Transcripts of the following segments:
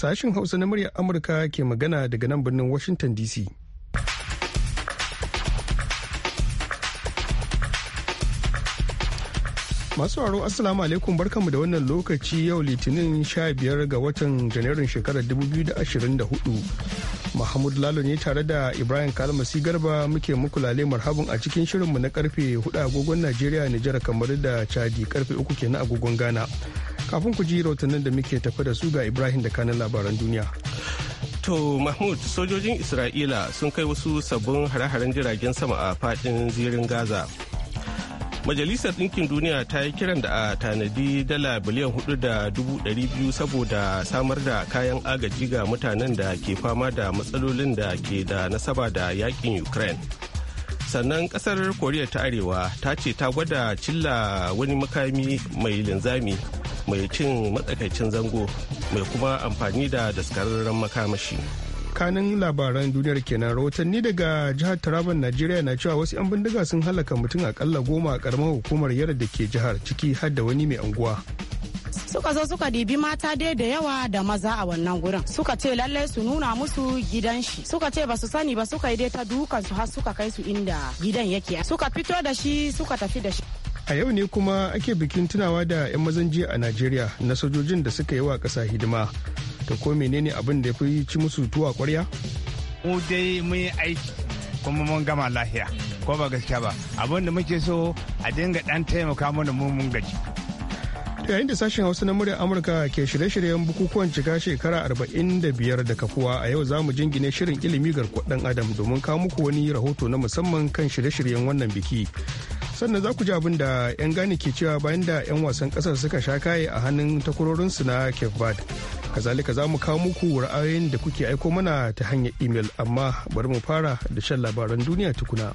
Sashen Hausa na muryar Amurka ke magana daga nan birnin Washington DC. Masu sauraro Assalamu alaikum barkanmu da wannan lokaci yau Litinin 15 ga watan Janairun shekarar 2024. Mahmud Lalo ne tare da Ibrahim Kalmasi Garba muke muku lale marhabin a cikin shirinmu na karfe 4 agogon Najeriya, Nijar, kamar da Chadi karfe 3 kenan agogon Ghana. Kafin ku ji rahotannin da muke tafi da su ga Ibrahim da kanan labaran duniya. To Mahmud, sojojin Isra'ila sun kai wasu sabbin hare-haren jiragen sama a faɗin zirin Gaza. majalisar ɗinkin duniya ta yi kiran da a tanadi dala biliyan hudu da dubu ɗari biyu saboda samar da kayan agaji ga mutanen da ke fama da matsalolin da ke da nasaba da yakin ukraine sannan kasar koriya ta arewa ta ce ta gwada cilla wani makami mai linzami mai cin matsakaicin zango mai kuma amfani da daskararren makamashi. kanin labaran duniyar kenan rahotanni daga jihar taraban najeriya na cewa wasu 'yan bindiga sun halaka mutum akalla goma a karamar hukumar yara da ke jihar ciki har da wani mai anguwa suka zo suka dibi mata dai da yawa da maza a wannan gurin suka ce lallai su nuna musu gidan shi suka ce ba su sani ba suka yi dai ta dukan su har suka kai su inda gidan yake suka fito da shi suka tafi da shi a yau ne kuma ake bikin tunawa da 'yan mazan a najeriya na sojojin da suka yi wa kasa hidima to ko menene abin da ya fi ci musu tuwa kwarya mu dai mun aiki kuma mun gama lahiya ko ba gaskiya ba abin da muke so a dinga dan taimaka mana mu mun gaji yayin da sashen hausa na muryar amurka ke shirye-shiryen bukukuwan cika shekara arba'in da biyar da kafuwa a yau za mu jingine shirin ilimi ga dan adam domin kawo muku wani rahoto na musamman kan shirye-shiryen wannan biki sannan za ku ji abin da 'yan gane ke cewa bayan da 'yan wasan kasar suka sha kaye a hannun takwarorinsu na cape verde kazalika za mu kawo muku ra'ayoyin da kuke aiko mana ta hanyar imel amma bari mu fara da shan labaran duniya tukuna.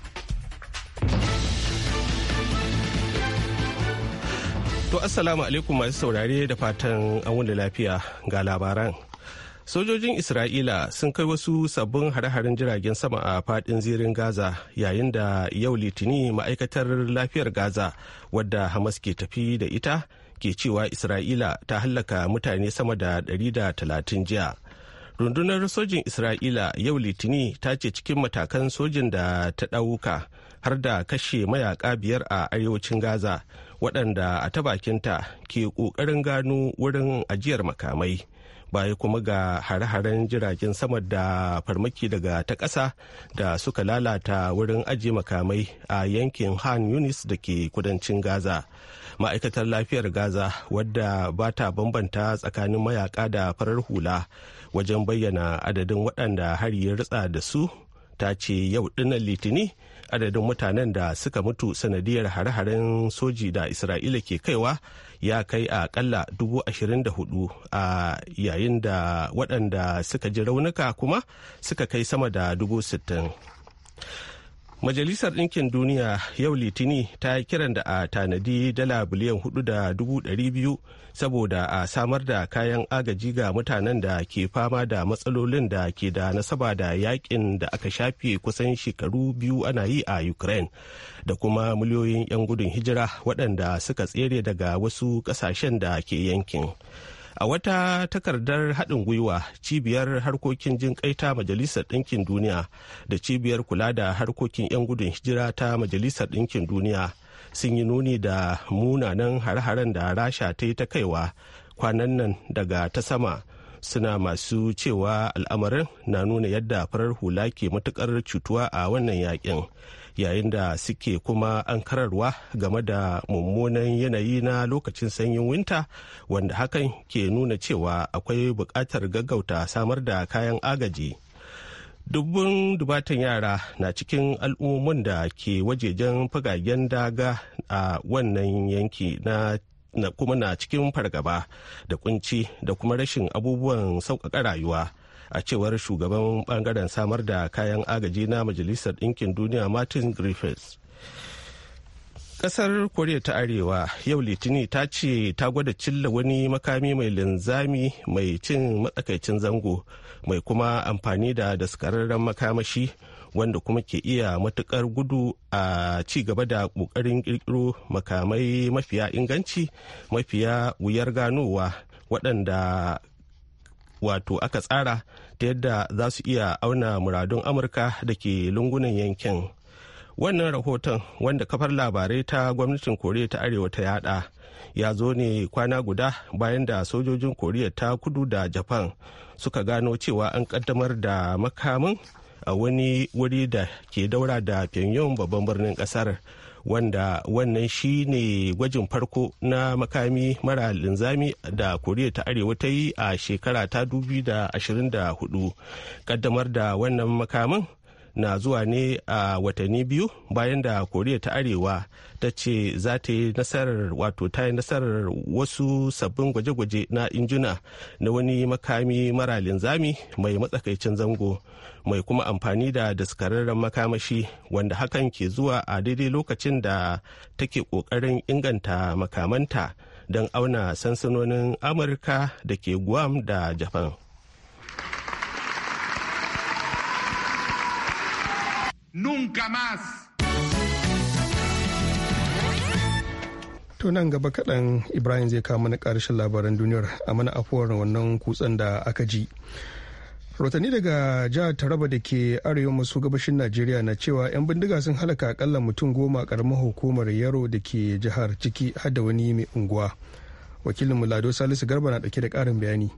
To assalamu alaikum masu saurare da fatan an lafiya ga labaran. Sojojin Isra'ila sun kai wasu sabbin hare-haren jiragen sama a fadin zirin Gaza yayin da yau litini ma'aikatar lafiyar Gaza wadda Hamas ke tafi da ita ke cewa isra'ila ta hallaka mutane sama da 130 jiya rundunar sojin isra'ila yau litini ta ce cikin matakan sojin da ta ɗauka har da kashe mayaka biyar a arewacin gaza waɗanda a ta bakinta ke ƙoƙarin gano wurin ajiyar makamai baya kuma ga hare-haren jiragen sama da farmaki daga ta ƙasa da suka lalata wurin ajiye makamai a yankin han yunis da ke kudancin gaza ma'aikatar lafiyar gaza wadda ba ta bambanta tsakanin mayaka da farar hula wajen bayyana adadin waɗanda har ya ritsa da su ta ce yau ɗinnan litini adadin mutanen da suka mutu sanadiyar hare-haren soji da isra'ila ke kaiwa ya kai a kalla dubu ashirin da hudu a yayin da waɗanda suka ji raunuka kuma suka kai sama da dubu sittin Majalisar Ɗinkin Duniya yau Litini ta yi kiran da a tanadi dala biliyan hudu da dubu ɗari biyu saboda a samar da kayan agaji ga mutanen da ke fama da matsalolin da ke da nasaba da yakin da aka shafe kusan shekaru biyu ana yi a Ukraine da kuma miliyoyin 'yan gudun hijira waɗanda suka tsere daga wasu ƙasashen da ke yankin. a wata takardar haɗin gwiwa cibiyar harkokin jin ta majalisar ɗinkin duniya da cibiyar kula da harkokin 'yan gudun hijira ta majalisar ɗinkin duniya sun yi nuni da munanan har haren da rasha ta yi ta kaiwa kwanan nan daga ta sama suna masu cewa al'amarin na nuna yadda farar hula ke matukar cutuwa a wannan yakin yayin da suke kuma ankararwa game da mummunan yanayi na lokacin sanyin winta wanda hakan ke nuna cewa akwai buƙatar gaggauta samar da kayan agaji dubbin dubatan yara na cikin al'ummomin da ke wajejen fagagen daga a wannan yanki na kuma na cikin fargaba da kunci da kuma rashin abubuwan sauƙaƙa rayuwa a cewar shugaban bangaren samar da kayan agaji na majalisar ɗinkin duniya martin griffiths kasar koriya ta arewa yau litini ta ce ta gwada cilla wani makami mai linzami mai cin matsakaicin zango mai kuma amfani da daskararren makamashi wanda kuma ke iya matukar gudu a ci gaba da kokarin kirkiro makamai mafiya inganci mafiya wuyar ganowa waɗanda wato aka tsara ta yadda za su iya auna muradun amurka da ke lungunan yankin wannan rahoton wanda kafar labarai ta gwamnatin koriya ta arewa ta yada ya zo ne kwana guda bayan da sojojin koriya ta kudu da japan suka gano cewa an kaddamar da makamin a wani wuri da ke daura da pyongyang babban birnin kasar wanda wannan shi ne gwajin farko na makami mara linzami da koriya ta arewa ta yi a shekara ta hudu kaddamar da wannan makamin na zuwa ne a watanni biyu bayan da koriya ta arewa ta ce za ta yi nasarar wato ta yi nasarar wasu sabbin gwaje-gwaje na injuna na wani makami mara linzami mai matsakaicin zango mai kuma amfani da daskararren makamashi wanda hakan ke zuwa a daidai lokacin da take kokarin inganta makamanta don auna sansanonin amurka da ke guam da japan nunca más. gaba kaɗan Ibrahim zai kawo mana ƙarshen labaran duniyar a mana afuwar wannan kutsen da aka ji. Rotani daga jihar Taraba da ke arewa masu gabashin Najeriya na cewa 'yan bindiga sun halaka akalla mutum goma karamar hukumar Yaro da ke jihar ciki hada wani mai unguwa. Wakilin Mulado Salisu Garba na ɗauke da ƙarin bayani.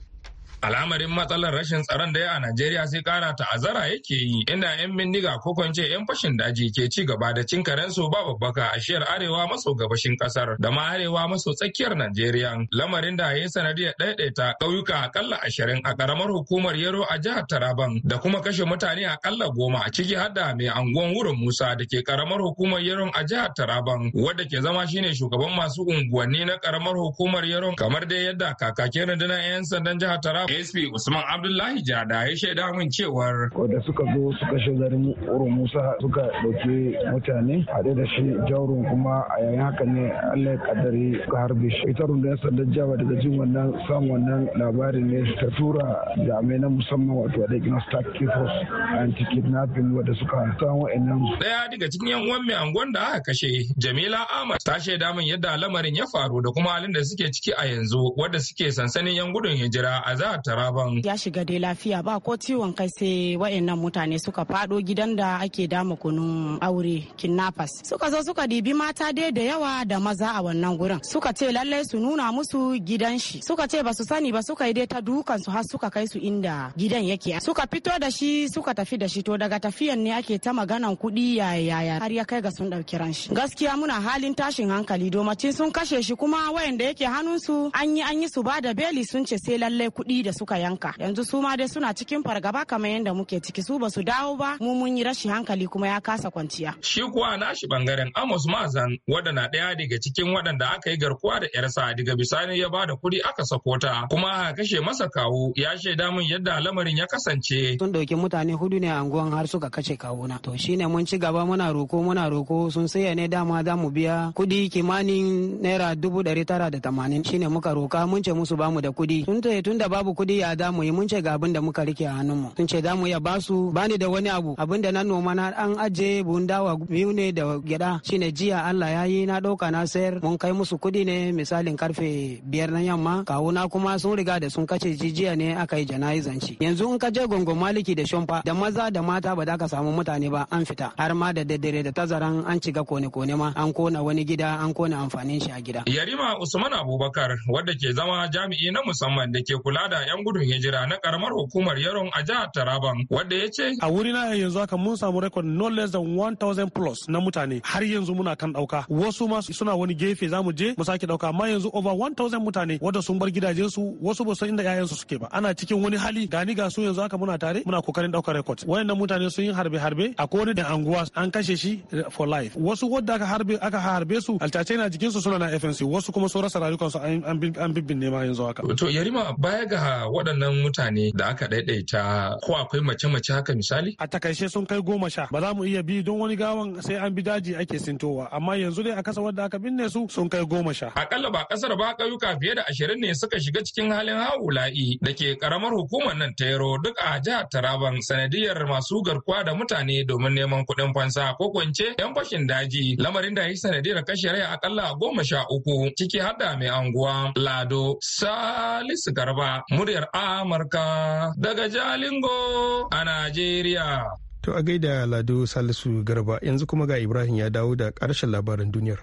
al'amarin matsalar rashin tsaron da ya a Najeriya sai kara azara yake yi inda 'yan bindiga ko kwance 'yan fashin daji ke ci gaba da cin karensu ba babbaka a shiyar arewa maso gabashin kasar da ma arewa maso tsakiyar Najeriya lamarin da ya sanadiyar ɗaiɗaita ƙauyuka akalla ashirin a ƙaramar hukumar Yero a jihar Taraban da kuma kashe mutane akalla goma a ciki hada mai anguwan wurin Musa da ke ƙaramar hukumar Yero a jihar Taraban wadda ke zama shine shugaban masu unguwanni na ƙaramar hukumar Yero kamar dai yadda kakakin rundunar 'yan sandan jihar Taraban sp usman abdullahi jada ya shaida min cewar da suka zo suka garin uru musa suka dauke mutane haɗe da shi jawrun kuma a yayin haka ne allah ya kaddare suka harbe shi ita rundunar sanda jawa daga jin wannan samun wannan labarin ne ta tura jami'ai na musamman wato da gina stark kifos anti kidnapping wanda suka samu wa'annan daya daga cikin yan uwan mai angon da aka kashe jamila ahmad ta shaida min yadda lamarin ya faru da kuma halin da suke ciki a yanzu wadda suke sansanin yan gudun hijira a za Taraban. Ya shiga dai lafiya ba ko ciwon kai sai wa'annan mutane suka fado gidan da ake dama kunun aure kinnafas Suka zo suka dibi mata dai da yawa da maza a wannan gurin. Suka ce lallai su nuna musu gidan shi. Suka ce ba su sani ba suka yi dai ta dukan su har suka kai su inda gidan yake. Suka fito da shi suka tafi da shi to daga tafiyan ne ake ta maganan kuɗi yaya yaya har ya kai ga sun ɗauki ran shi. Gaskiya muna halin tashin hankali domacin sun kashe shi kuma wayanda yake hannun su an yi an yi su ba da beli sun ce sai lallai kuɗi da suka yanka yanzu su ma dai suna cikin fargaba kamar yadda muke ciki su basu dawo ba mu mun yi rashin hankali kuma ya kasa kwanciya shi kuwa nashi bangaren Amos Mazan wanda na daya daga cikin waɗanda aka yi garkuwa da yarsa daga bisani ya bada kuɗi aka sako ta kuma a kashe masa kawo ya shaida min yadda lamarin ya kasance sun dauki mutane hudu ne a anguwan har suka kashe kawuna to shine mun ci gaba muna roko muna roko sun saya ne dama za mu biya kuɗi kimanin naira dubu ɗari tara da tamanin shine muka roka mun ce musu bamu da kuɗi tun da babu kuɗi ya damu yi mun ce ga abin da muka rike a mu. sun ce mu ya basu ni da wani abu abin da na noma na an aje buhun dawa biyu ne da gyada shine jiya Allah ya yi na ɗauka na sayar mun kai musu kuɗi ne misalin karfe biyar na yamma kawuna kuma sun riga da sun kace jijiya ne aka yi jana'izanci yanzu in ka je gongo maliki da shonfa da maza da mata ba za ka samu mutane ba an fita har ma da daddare da tazaran an ciga kone-kone ma an kona wani gida an kona amfanin shi a gida. Yarima Usman Abubakar wadda ke zama jami'i na musamman da ke kula da 'yan gudun hijira na karamar hukumar yaron a jihar Taraban wanda ya ce a wuri na yanzu haka mun samu record no less than 1000 plus na mutane har yanzu muna kan dauka wasu ma suna wani gefe zamu je mu sake dauka amma yanzu over 1000 mutane wanda sun bar gidajen su wasu ba san inda yayan su suke ba ana cikin wani hali gani ga su yanzu haka muna tare muna kokarin daukar record wayannan mutane sun yi harbe harbe a kowane da anguwa an kashe shi eh, for life wasu wadda aka harbe aka harbe su altace na jikin su suna na FNC wasu kuma sun rasa su an bibbin nema yanzu haka to yarima baya ga waɗannan mutane da aka ɗaiɗaita ko akwai mace-mace haka misali? A takaice sun kai goma sha ba za mu iya bi don wani gawan sai an bi daji ake sintowa amma yanzu dai a kasa wadda aka binne su sun kai goma sha. Akalla ba kasar ba ƙauyuka fiye da ashirin ne suka shiga cikin halin La'i da ke karamar hukumar nan ta yaro duk a jihar Taraban sanadiyar masu garkuwa da mutane domin neman kuɗin fansa ko kwance 'yan fashin daji lamarin da ya yi sanadiyar kashe rai akalla goma sha uku ciki har da mai anguwa Lado Salisu Garba. muryar Amurka daga Jalingo a Najeriya. To a gaida Lado Salisu Garba yanzu kuma ga Ibrahim ya dawo da ƙarshen labaran duniyar.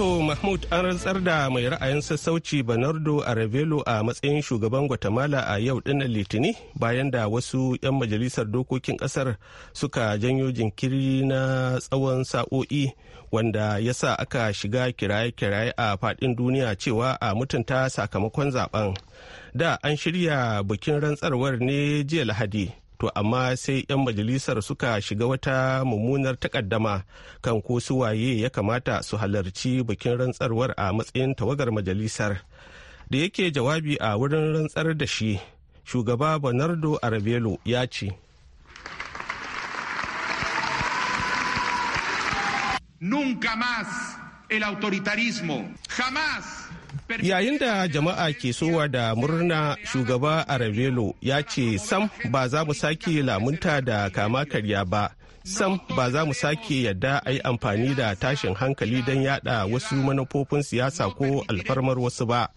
To Mahmud an rantsar da mai ra'ayin sassauci Bernardo Arevelo a matsayin shugaban Guatemala a yau dinnan Litini bayan da wasu 'yan majalisar dokokin kasar suka janyo jinkiri na tsawon sa'o'i wanda ya sa aka shiga kiraye-kiraye a faɗin duniya cewa a mutunta sakamakon zaben. Da an shirya bikin rantsarwar ne jiya Lahadi. to amma sai 'yan majalisar suka shiga wata mummunar takaddama kan ko su waye ya kamata su halarci bikin rantsarwar a matsayin tawagar majalisar da yake jawabi a wurin rantsar da shi shugaba bernardo arabelo ya ce Nunca mas el autoritarismo. Jamás Yayin da jama'a ke sowa da murna shugaba a ravelo ya ce sam ba za mu sake lamunta da kama karya ba. Sam ba za mu sake yadda a yi amfani da tashin hankali don yada wasu manufofin siyasa ko alfarmar wasu ba.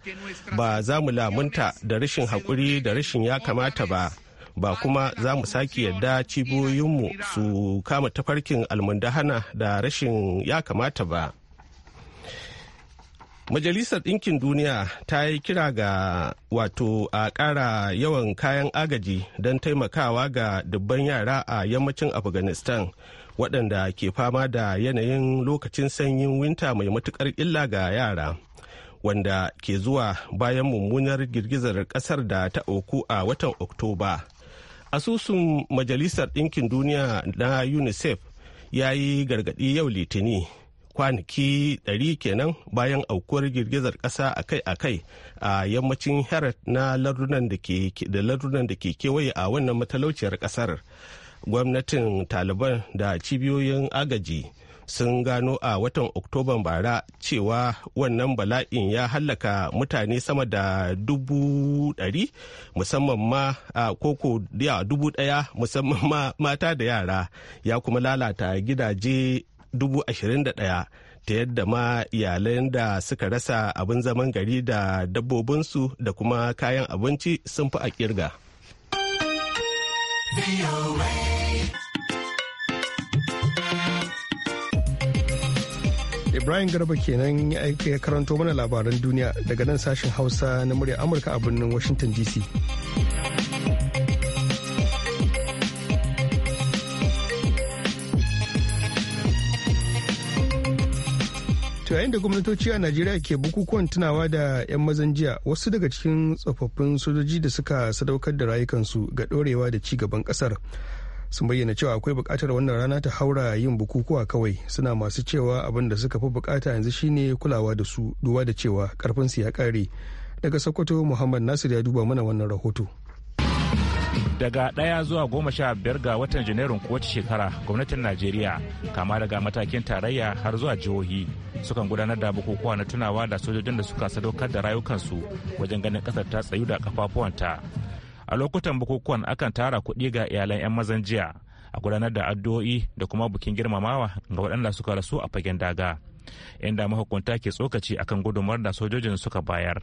Ba za mu lamunta da rashin haƙuri da rashin ya kamata ba. ba kuma za mu sake yadda cibiyoyinmu su kama tafarkin almundahana da rashin ya kamata ba. Majalisar Ɗinkin Duniya ta yi kira ga wato a ƙara yawan kayan agaji don taimakawa ga dubban yara a yammacin Afghanistan waɗanda ke fama da yanayin lokacin sanyin winta mai matuƙar illa ga yara. Wanda ke zuwa bayan mummunar girgizar ƙasar da ta auku a watan Oktoba. Asusun Majalisar Ɗinkin Duniya na UNICEF ya yi gargaɗi yau Litini. kwanaki 100 kenan bayan aukuwar girgizar ƙasa akai-akai a yammacin herat na lardunan da ke kewaye a wannan matalauciyar kasar gwamnatin taliban da cibiyoyin agaji sun gano a watan oktoban bara cewa wannan bala'in ya hallaka mutane sama da dubu ɗari musamman ma a koko dubu ɗaya musamman ma mata da yara ya kuma lalata gidaje 21,000 ta yadda ma iyalan da suka rasa abin zaman gari da dabbobinsu da kuma kayan abinci sun fi a kirga. Ibrahim Garba kenan ya karanto mana labaran duniya daga nan sashen Hausa na murya Amurka a birnin Washington DC. To yayin da gwamnatoci a Najeriya ke bukukuwan tunawa da 'yan mazan jiya wasu daga cikin tsofaffin sojoji da suka sadaukar da rayukansu ga ɗorewa da ci gaban ƙasar. Sun bayyana cewa akwai bukatar wannan rana ta haura yin bukukuwa kawai suna masu cewa abin da suka fi bukata yanzu shine kulawa da su duwa da cewa karfin su ya kare Daga Sokoto Muhammad Nasir ya duba mana wannan rahoto. daga ɗaya zuwa goma sha biyar ga watan janairun kowace shekara gwamnatin najeriya kama daga matakin tarayya har zuwa jihohi sukan gudanar da bukukuwa na tunawa da sojojin da suka sadaukar da rayukansu wajen ganin ƙasar ta tsayu da kafafuwanta a lokutan bukukuwan akan tara kuɗi ga iyalan 'yan mazan jiya a gudanar da addu'o'i da kuma bukin girmamawa ga waɗanda suka rasu a fagen daga inda mahukunta ke tsokaci akan gudunmawar da sojojin suka bayar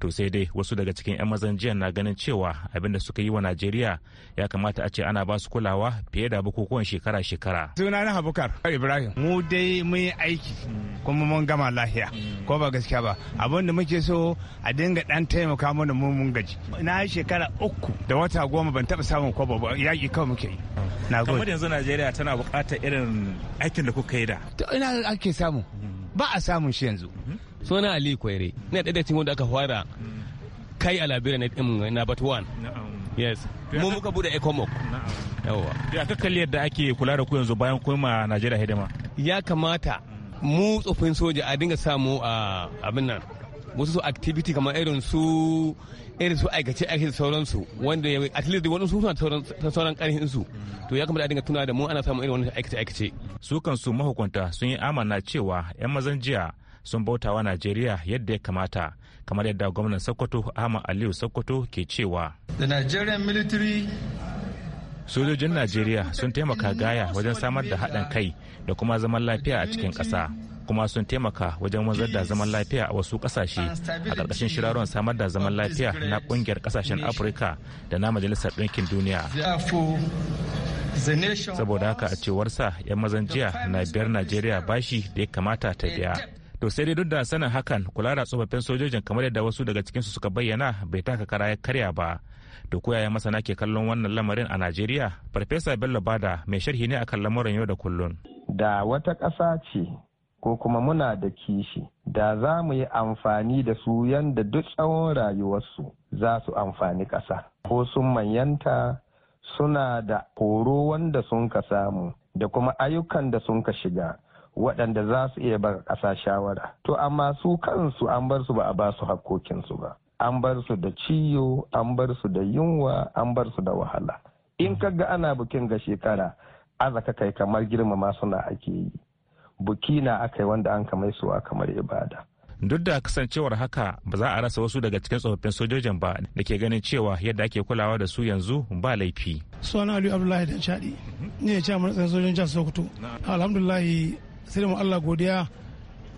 to sai dai wasu daga cikin 'yan mazan jiya na ganin cewa abin da suka yi wa najeriya ya kamata a ce ana ba su kulawa fiye da bukukuwan shekara-shekara suna na habukar ibrahim mu dai mun yi aiki kuma mun gama lahiya mm. ko ba gaskiya ba abin da muke so a dinga dan taimaka mana mu mun gaji na shekara uku da wata goma ban taba samun kwabo ba yaƙi kawai muke yi na gode kamar yanzu najeriya tana buƙatar irin aikin da kuka yi da ina ake samu mm. ba a samun shi yanzu mm-hmm. suna ali kwere ne da cikin wanda aka fara kai a labirin na bat one yes mu muka bude Ecomoc. yawa ya ka kalli yadda ake kula da ku yanzu bayan kuma najeriya hidima ya kamata mu tsofin soja a dinga samu a abin nan wasu su activity kamar irin su irin su aikace aikace sauransu wanda ya at least wani su suna sauran karhin su to ya kamata a dinga tuna da mu ana samun irin wani aikace aikace su kansu mahukunta sun yi amana cewa yan mazan jiya sun bauta wa najeriya yadda ya kamata kamar yadda gwamnan sokoto ahmad aliyu sokoto ke cewa the nigerian military sojojin najeriya sun taimaka gaya wajen samar da haɗin kai da kuma zaman lafiya a cikin ƙasa kuma sun taimaka wajen wanzar da zaman lafiya a wasu ƙasashe a ƙarƙashin shirarwan samar da zaman lafiya na ƙungiyar ƙasashen afirka da na majalisar ɗinkin duniya saboda haka a cewar sa 'yan mazan jiya na biyar najeriya bashi da ya kamata ta biya to sai dai duk da sanin hakan kula da tsofaffin sojojin kamar yadda wasu daga cikinsu suka bayyana bai taka kara ya karya ba to koyaya masana ke kallon wannan lamarin a najeriya farfesa bello bada mai sharhi ne akan lamarin yau da kullun da wata ƙasa ce ko kuma muna da kishi da za mu yi amfani da su yanda duk tsawon rayuwarsu za su amfani ƙasa ko sun manyanta suna da horo wanda sun ka samu da kuma ayyukan da sun ka shiga waɗanda za su iya ba ƙasa shawara to amma su kansu an bar su ba a ba su hakkokinsu ba an bar su da ciyo an bar su da yunwa an bar su da wahala in ka ga ana bukin ga shekara azaka kai kamar girmama suna ake yi buki na aka yi wanda an kamai suwa kamar ibada duk da kasancewar haka ba za a rasa wasu daga cikin tsofaffin sojojin ba da ke ganin cewa yadda ake kulawa da su yanzu ba laifi suna aliyu abdullahi dan shaɗi mhm. ne ya ce a matsayin sojojin jihar sokoto alhamdulilayi. sai da mu Allah godiya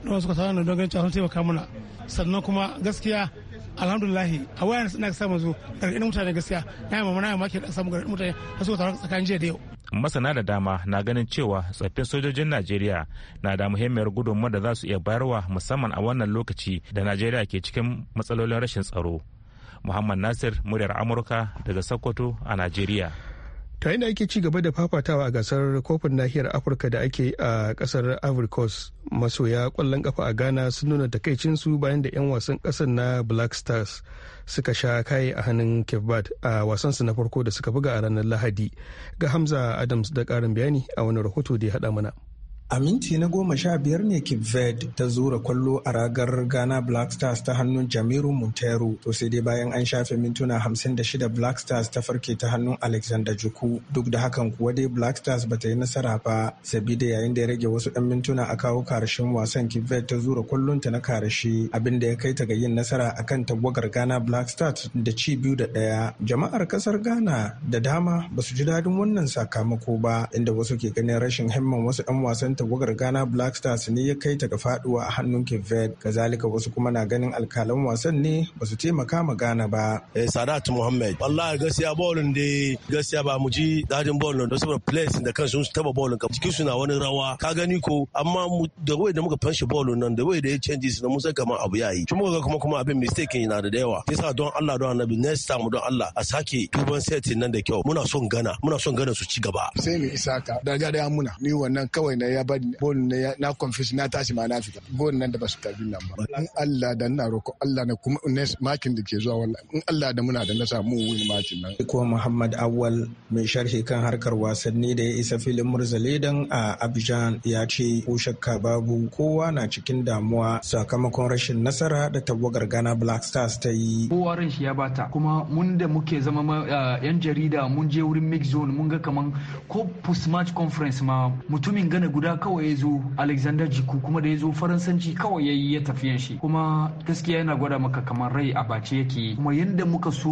wasu suka samu don ganin sun taimaka mana sannan kuma gaskiya alhamdulillahi a na suna samu zo gargaɗin mutane gaskiya na yamma na yamma ke da samu gargaɗin mutane a suka taron tsakanin jiya da yau. masana da dama na ganin cewa tsaffin sojojin najeriya na da muhimmiyar gudunmawar da za su iya bayarwa musamman a wannan lokaci da najeriya ke cikin matsalolin rashin tsaro muhammad nasir muryar amurka daga sokoto a najeriya. ta yadda ake ci gaba da fafatawa a gasar kofin nahiyar afirka da ake a kasar ivory coast masoya kwallon kafa a ghana sun nuna takaicinsu bayan da 'yan wasan kasar na black stars suka sha kaye a hannun kevbat a wasansu na farko da suka buga a ranar lahadi ga hamza adams da karin bayani a wani rahoto da ya haɗa mana A minti na goma sha biyar ne Kipved ta zura kwallo a ragar Ghana Black Stars ta hannun Jamiru Montero To sai dai bayan an shafe mintuna hamsin da shida Black Stars ta farke ta hannun Alexander Juku. Duk da hakan kuwa dai Black Stars ba ta yi nasara ba. Sabida yayin da ya rage wasu 'yan mintuna a kawo karshen wasan Kipved ta zura ta na karshe abin da ya kai ta ga yin nasara akan tagwagar Ghana Black Stars da ci biyu da ɗaya. Jama'ar kasar Ghana da dama ba su ji daɗin wannan sakamako ba inda wasu ke ganin rashin himman wasu 'yan wasan ɗin tawagar Ghana Black Stars ne ya kai ta ga faduwa a hannun Kived. Kazalika wasu kuma na ganin alkalan wasan ne ba su taimaka ma Ghana ba. eh Sadat Muhammad. Wallahi gaskiya bolin da gaskiya ba mu ji dadin bolin da saboda players da kansu su taba bolin ka cikin su na wani rawa ka gani ko amma da wai da muka fanshi bolin nan da wai da ya su na mun san kamar abu yayi. Kuma ga kuma kuma abin mistake yana da yawa. sa don Allah don Annabi next time don Allah a sake duban setting nan da kyau. Muna son Ghana, muna son Ghana su ci gaba. Sai mu isaka daga da muna ni wannan kawai na ya bari gol ne na confess na tashi ma na fita gol nan da basu karbi nan ba in Allah da na roko Allah ne kuma makin da ke zuwa wannan in Allah da muna da na samu wani makin nan ko Muhammad Awwal mai sharhi kan harkar wasanni da ya isa filin Murzalidan a Abidjan ya ce ko shakka babu kowa na cikin damuwa sakamakon rashin nasara da tawagar Ghana Black Stars ta yi kowa ran shi ya bata kuma mun da muke zama yan jarida mun je wurin mix zone mun ga kaman ko post match conference ma mutumin gana guda kawai ya zo alexander jiku kuma da ya zo faransanci kawai ya yi ya tafiya shi kuma gaskiya yana gwada maka kamar rai a bace yake kuma yanda muka so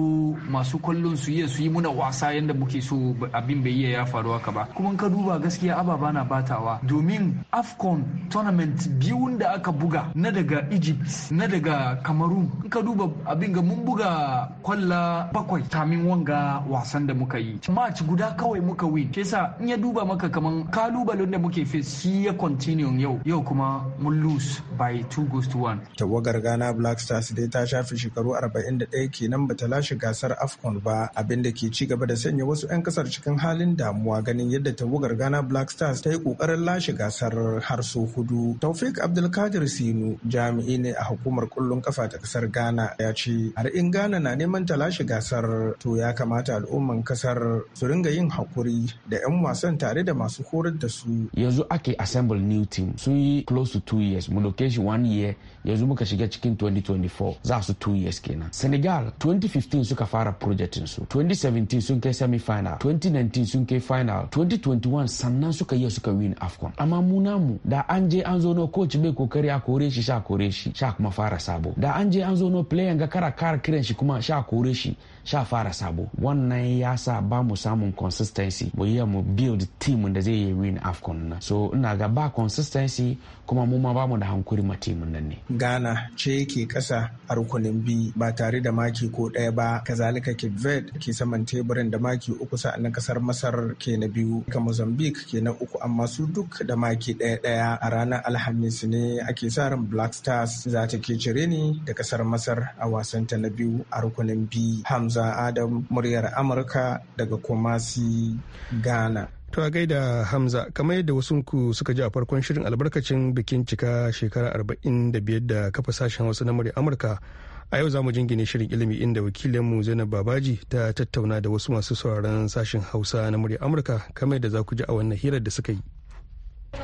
masu kwallon su iya su yi muna wasa yanda muke so abin bai iya ya faru haka ba kuma ka duba gaskiya ababa na batawa domin afcon tournament biyun da aka buga na daga egypt na daga cameroon in ka duba abin ga mun buga kwalla bakwai tamin wanga wasan da muka yi match guda kawai muka win shi yasa in ya duba maka kaman kalubalen da muke face shi ya continue yau yau kuma mun lose by 2 goals to 1 tawagar ghana black stars dai ta shafe shekaru 41 kenan ba ta lashe gasar afcon ba Abin da ke ci gaba da sanya wasu 'yan kasar cikin halin damuwa ganin yadda tawagar ghana black stars ta yi kokarin lashe gasar har so hudu taufik abdulkadir sinu jami'i ne a hukumar kullun kafa ta kasar ghana ya ce har in ghana na neman ta lashe gasar to ya kamata al'umman kasar su ringa yin hakuri da 'yan wasan tare da masu horar da su yanzu ake assemble new team So we close to two years mu location one year yanzu muka shiga cikin 2024 za su 2 years kenan senegal 2015 suka fara projectin su 2017 sun kai semi final 2019 sun kai final 2021 sannan suka yi suka win afcon amma mu da an je an zo no coach bai kokari a kore shi sha kore shi sha kuma fara sabo da an je an zo no player ga kara kara kiran shi kuma sha kore shi sha fara sabo wannan ya sa ba mu samun consistency mu yi mu build team da zai yi win afcon na. so ina ga ba consistency kuma mu ma ba mu da hankuri ma team nan ne ghana ce ke ƙasa a rukunin biyu ba tare da maki ko ɗaya ba kazalika cape verde ke saman teburin da maki uku sa'annan kasar masar ke na biyu ka mozambique ke na uku amma su duk da maki ɗaya ɗaya a ranar alhamis ne ake sa ran black stars za ta ke cire ni da kasar masar a wasanta na biyu a rukunin biyu. hamza adam muryar amurka daga kumasi ghana To a gaida Hamza, kamar yadda wasu ku suka ji a farkon shirin albarkacin bikin cika shekara arba'in da biyar da kafa sashen wasu na murya Amurka. A yau za mu jingine shirin ilimi inda wakilinmu Zainab Babaji ta tattauna da wasu masu sauraron sashen Hausa na murya Amurka kamar yadda za ku ji a wannan hirar da suka yi.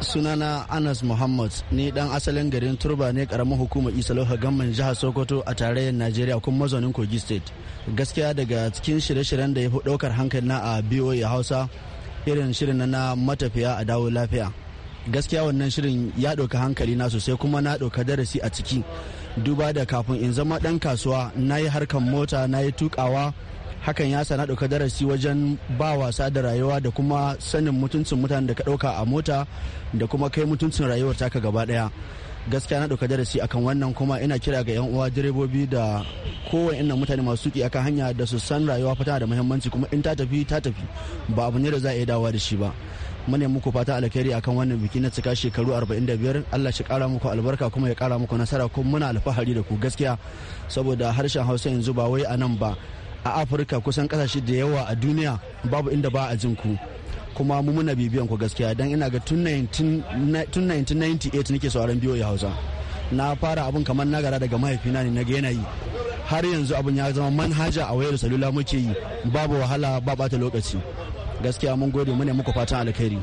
sunana anas muhammad ni dan asalin garin turba ne karamin hukumar isa lauha gamman jihar sokoto a tarayyar najeriya kuma mazaunin kogi state gaskiya daga cikin shirye-shiryen da ya fi daukar hankali na a boa hausa irin shirin na matafiya a dawo lafiya gaskiya wannan shirin ya ɗauka hankali na sosai kuma na ɗauka darasi a ciki duba da kafin in zama ɗan kasuwa na yi harkan mota na yi tukawa hakan ya sa na ɗauka darasi wajen ba wasa da rayuwa da kuma sanin mutuncin mutanen da ka ɗauka a mota da kuma kai mutuncin rayuwar taka gaba ɗaya gaskiya na ɗauka darasi akan wannan kuma ina kira ga 'yan uwa direbobi da kowa inna mutane masu suki akan hanya da su san rayuwa fa tana da muhimmanci kuma in ta tafi ta tafi ba abu ne da za a iya dawa da shi ba mune muku fata alkhairi akan wannan biki na cika shekaru 45 Allah shi kara muku albarka kuma ya kara muku nasara kuma muna alfahari da ku gaskiya saboda harshen Hausa yanzu ba wai a nan ba a Afirka kusan kasashe da yawa a duniya babu inda ba a jin ku kuma mu muna bibiyan ku gaskiya dan ina ga tun 1998 nake sauraron biyo hausa na fara abin kamar nagara daga mahaifina ne na ga yanayi har yanzu abin ya zama manhaja a wayar salula muke yi babu wahala ba bata lokaci gaskiya mun gode mu ne muku fatan alkhairi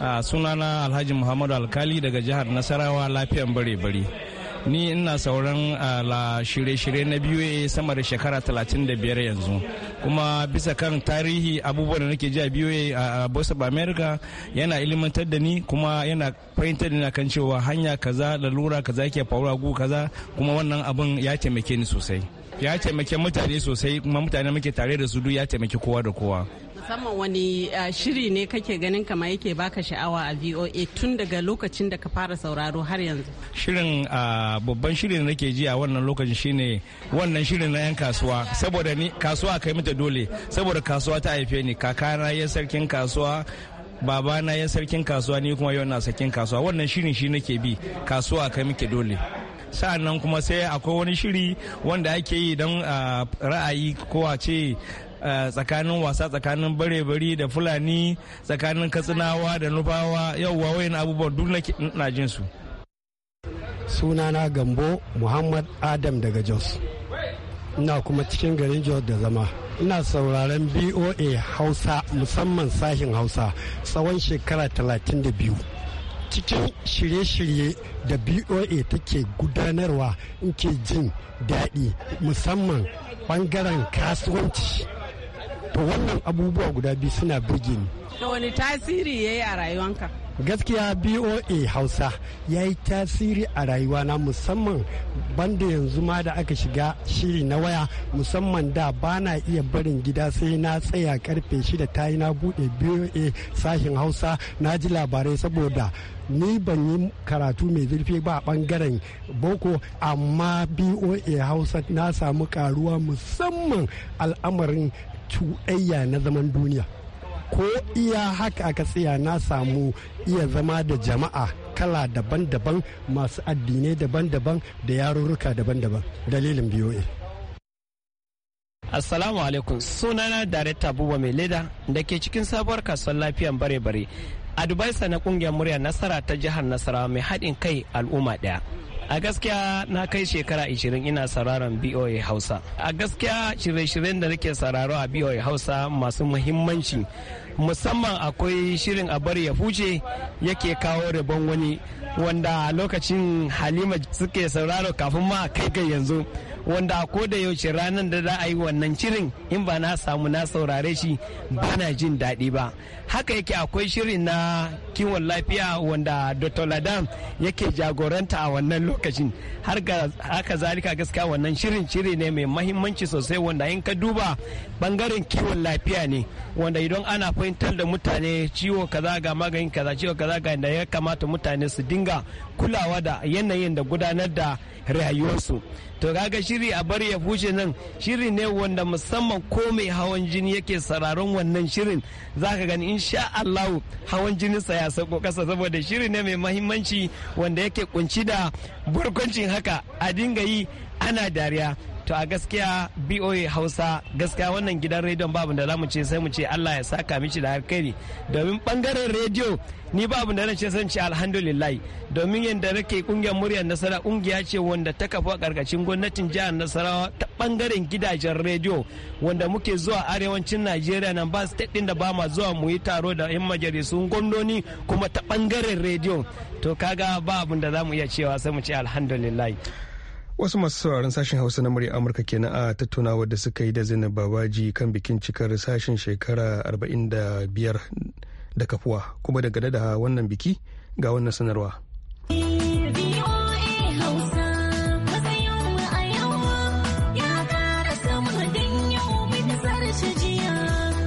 a sunana alhaji muhammadu alkali daga jihar nasarawa lafiyan bare-bare ni ina sauran ah, la shirye-shirye na biyu eh, sama da shekara 35 yanzu kuma bisa kan tarihi abubuwan da nake ji a biyu eh, a Voice of America yana ilimantar da ni kuma yana fahimtar da ni kan cewa hanya kaza lalura kaza ke faruwa gu kaza kuma wannan abun ya taimake ni sosai ya taimake mutane sosai kuma mutane muke tare da su duk ya taimake kowa da kowa musamman wani eh, shiri ne kake ganin kama yake baka sha'awa a voa tun daga lokacin da ka fara sauraro har yanzu shirin babban shirin da ke ji a wannan lokacin shine wannan shirin na yan kasuwa saboda ni kasuwa kai mata dole saboda kasuwa ta haife ni kakana ya sarkin kasuwa baba na ya sarkin kasuwa ni kuma yau na sarkin kasuwa wannan shirin shi nake bi kasuwa kai muke dole sa'an nan kuma sai akwai wani shiri wanda ake yi don ra'ayi ko a ce Eh, tsakanin wasa tsakanin bare-bari da fulani tsakanin katsinawa da nufawa yauwa wayan abubuwan duk na najin su sunana gambo muhammad adam daga jos ina kuma cikin garin jos da zama ina sauraron boa hausa musamman sashin hausa tsawon shekara 32 cikin shirye-shirye da boa take gudanarwa nke jin daɗi musamman ɓangaren kasuwanci to wannan abubuwa guda biyu suna birge ni da wani tasiri ya yi a rayuwanka gaskiya boa hausa ya yi tasiri a rayuwana na musamman banda yanzu ma da aka shiga shiri na waya musamman da ba na iya barin gida sai na tsaya karfe shida ta yi na bude boa sashen hausa na ji labarai saboda ni ban yi karatu mai zurfi ba a bangaren boko amma boa hausa na samu karuwa musamman al'amarin cuɗayya na zaman duniya ko iya haka aka tsaya na samu iya zama da jama'a kala daban-daban masu addinai daban-daban da yarurruka daban-daban dalilin BOA. Assalamu alaikum sunana Darekta Buba Mai Leda da ke cikin sabuwar kasuwar lafiyan bare-bare. Adviser na kungiyar murya nasara ta jihar Nasarawa mai haɗin kai al'umma ɗaya. a gaskiya na kai shekara 20 ina sauraron BOA Hausa a gaskiya shirye-shiryen da nake sauraro a BOA Hausa masu muhimmanci musamman akwai shirin a bari ya huce yake kawo rabon wani wanda lokacin halima suke sauraro kafin ma kai ga yanzu wanda a ko da yaushe ranar da za a yi wannan shirin in ba na samu na saurare shi ba na jin daɗi ba haka yake akwai shirin na kiwon lafiya wanda dr ladam yake jagoranta a wannan lokacin har ga haka zalika gaskiya wannan shirin shiri ne mai mahimmanci sosai wanda in ka duba bangaren kiwon lafiya ne wanda idan ana fahimtar da mutane ciwo kaza ga maganin kaza ciwo kaza ga da ya kamata mutane su dinga kulawa da yanayin da gudanar da rayuwarsu to kaga shiri a bari ya fushe nan shiri ne wanda musamman ko mai hawan jini yake sararin wannan shirin ka gani insha Allah hawan jininsa ya sauko kasa saboda shiri ne mai mahimmanci wanda yake kunci da barkwancin haka a dinga yi ana dariya to a gaskiya BOA Hausa gaskiya wannan gidan rediyon babu da zamu ce sai mu ce Allah ya saka miki da alkhairi domin bangaren rediyo ni babu da nace san ce alhamdulillah domin yanda nake kungiyar muryar nasara kungiya ce wanda ta kafa a karkashin gwamnatin jihar Nasarawa ta bangaren gidajen rediyo wanda muke zuwa arewacin Najeriya nan ba state din da ba ma zuwa mu yi taro da yan majalisun gwamnoni kuma ta bangaren rediyo to kaga ba da zamu iya cewa sai mu ce alhamdulillah wasu masu sauraron sashen hausa na murya amurka na a tattaunawa da suka yi da zainab babaji kan bikin cikar sashen shekara 45 da kafuwa kuma daga da wannan biki ga wannan sanarwa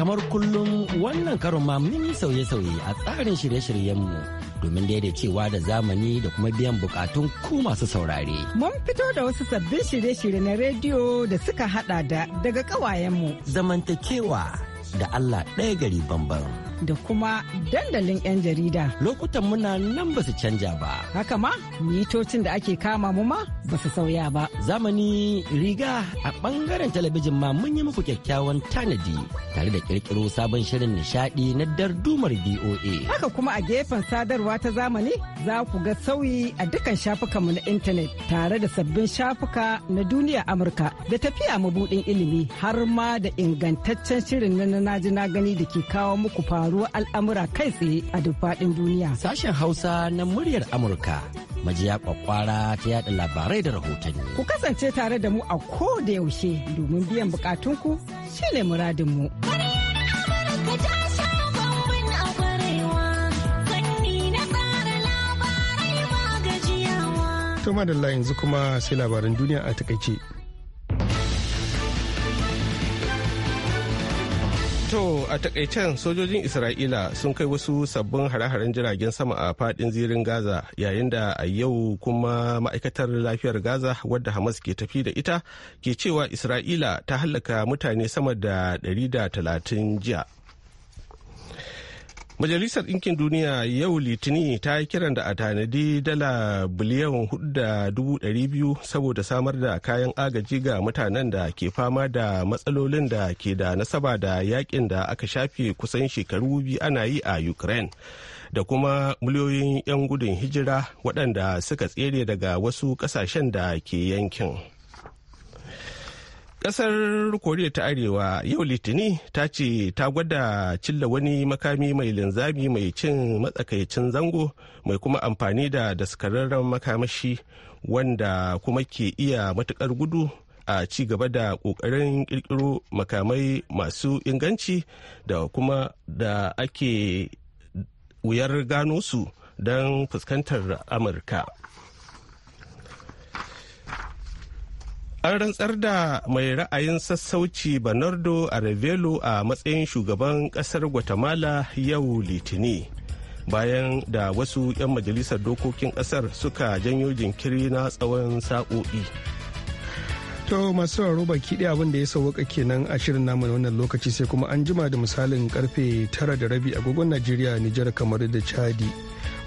kamar kullum wannan karon ma mun sauye-sauye a tsarin shirye-shiryenmu domin daidaicewa da zamani da kuma biyan bukatun ku masu saurare. Mun fito da wasu sabbin shirye-shirye na rediyo da suka hada da daga kawayenmu. Zamantakewa da Allah ɗaya gari bambam. da kuma dandalin 'yan jarida. Lokutan muna nan ba su canja ba. Haka ma, mitocin da ake kama mu ma ba su sauya ba. Zamani riga a ɓangaren talabijin ma mun yi muku kyakkyawan tanadi tare da kirkiro sabon shirin nishadi na dardumar BOA. Haka kuma a gefen sadarwa ta zamani za ku ga sauyi a dukkan shafukanmu na intanet tare da sabbin shafuka na duniya Amurka da tafiya mabuɗin ilimi har ma da ingantaccen shirin na na gani da ke kawo muku faru faruwar al'amura kai tsaye a duk faɗin duniya. Sashen Hausa na muryar Amurka majiya kwakwara ta yada labarai da rahotanni. Ku kasance tare da mu a ko da yaushe domin biyan bukatun bukatunku shine muradinmu. Muryar da madalla yanzu kuma sai labaran duniya a takaice. To a takaicen sojojin Isra'ila sun kai wasu sabbin hare-haren jiragen sama a fadin zirin Gaza yayin da a yau kuma ma'aikatar lafiyar Gaza wadda Hamas ke tafi da ita ke cewa Isra'ila ta hallaka mutane sama da 130 jiya. Majalisar Ɗinkin Duniya yau Litini ta yi kiran da a tanadi dala biliyan biyu saboda samar da kayan agaji ga mutanen da ke fama da matsalolin da ke da nasaba da yakin da aka shafe kusan shekaru biyu ana yi a Ukraine. da kuma miliyoyin 'yan gudun hijira waɗanda suka tsere daga wasu ƙasashen da ke yankin. Ƙasar Koriya ta Arewa yau Litini ta ce ta gwada cilla wani makami mai linzami mai cin matsakaicin zango mai kuma amfani da daskararren makamashi wanda kuma ke iya matukar gudu a ci gaba da ƙoƙarin ƙirƙiro makamai masu inganci da kuma da ake wuyar gano su don fuskantar Amurka. An rantsar da mai ra'ayin sassauci Bernardo Arevelo a matsayin shugaban kasar Guatemala yau Litini. Bayan da wasu 'yan majalisar dokokin kasar suka janyo jinkiri na tsawon sa'o'i. To masu sauraro baki ɗaya abin da ya sauwaka kenan a shirin namu na wannan lokaci sai kuma an jima da misalin karfe tara da rabi agogon Najeriya Nijar kamar da Chadi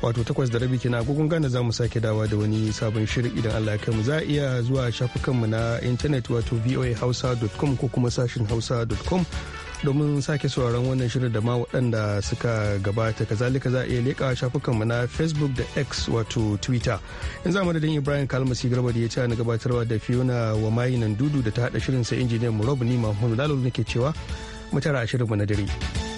wato takwas da rabi kenan agogon gane za mu sake dawa da wani sabon shirin idan Allah ya mu za a iya zuwa shafukanmu na intanet wato voahausa.com ko kuma sashin hausa.com domin sake sauraron wannan shirin da ma waɗanda suka gabata kazalika za a iya leƙa shafukanmu na facebook da x wato twitter in a da ibrahim kalmasi garba da ya ci na gabatarwa da fiona wa mayi nan dudu da ta haɗa shirin sa injiniyan mu rob ni mahmud lalo nake cewa mu tara a shirinmu na dare.